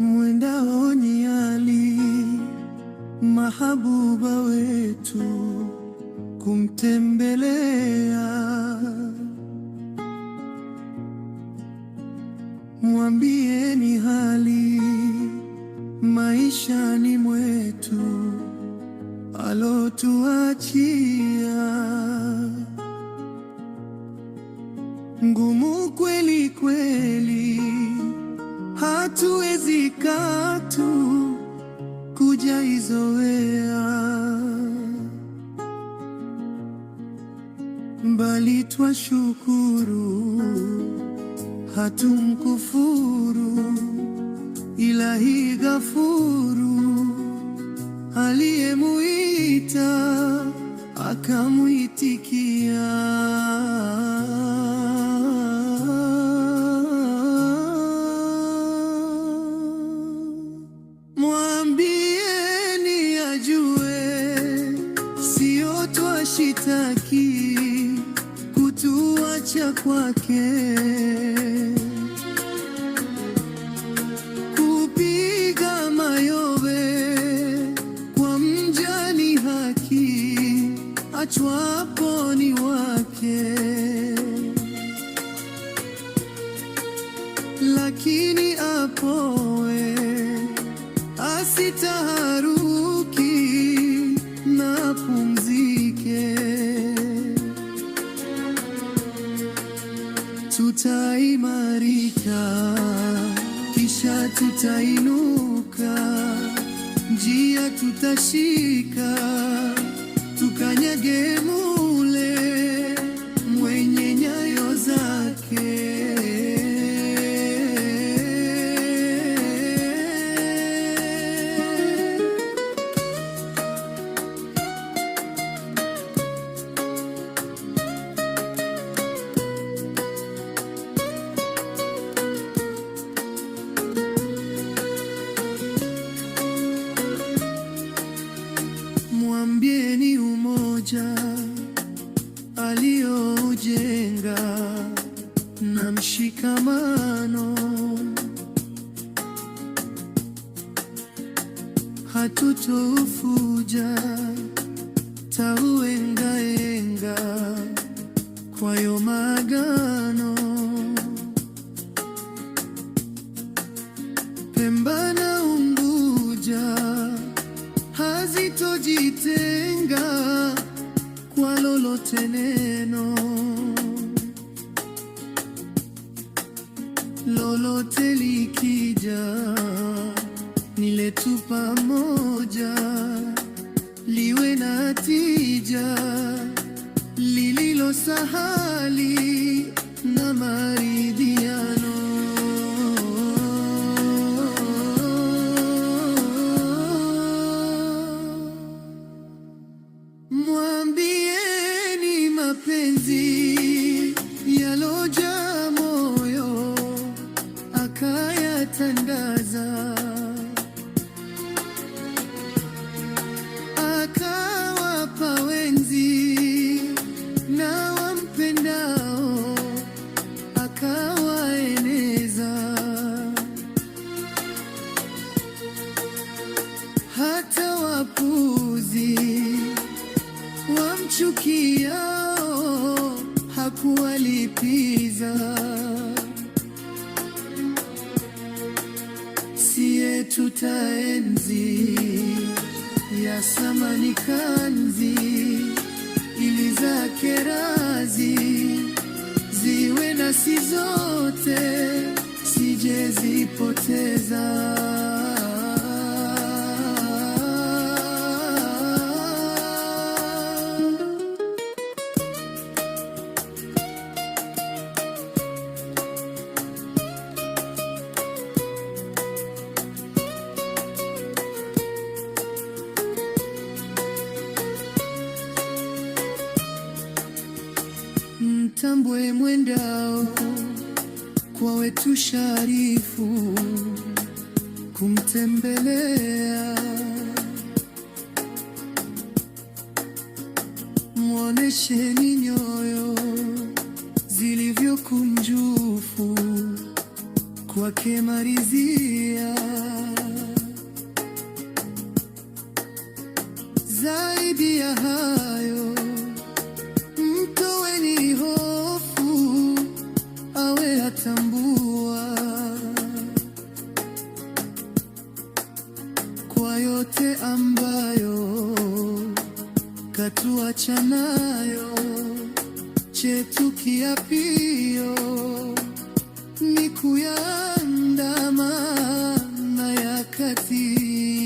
Mwendaoni Ali mahabuba wetu kumtembelea, mwambieni hali maishani mwetu alotuachia ngumu kweli kweli, hatuwezi katu kujaizoea, bali twashukuru, hatumkufuru, ila higafuru ghafuru nikamuitikia, mwambieni ajue, sio twashitaki kutuacha kwake lakini apoe, asitaharuki na pumzike. Tutaimarika kisha tutainuka, njia tutashika tukanyage yaliyoujenga na mshikamano. Hatutofuja tauengaenga kwayo magano Pemba na Unguja hazitojitenga lolote neno lolote likija, niletu pamoja, liwe na tija, lililo sahali na maridhiano Mwa mapenzi yaloja moyo akayatandaza, akawapa wenzi na wampendao akawaeneza, hata wapuzi wamchukia kuwalipiza. Siye tutaenzi ya samani kanzi ili za kerazi ziwe nasi zote, sije zipoteza tambwe mwendao kwa wetu sharifu kumtembelea, mwonesheni nyoyo zilivyokunjufu kwake marizia zaidi ya hayo Miaka nayo chetu kiapio, ni kuyaandama na yakati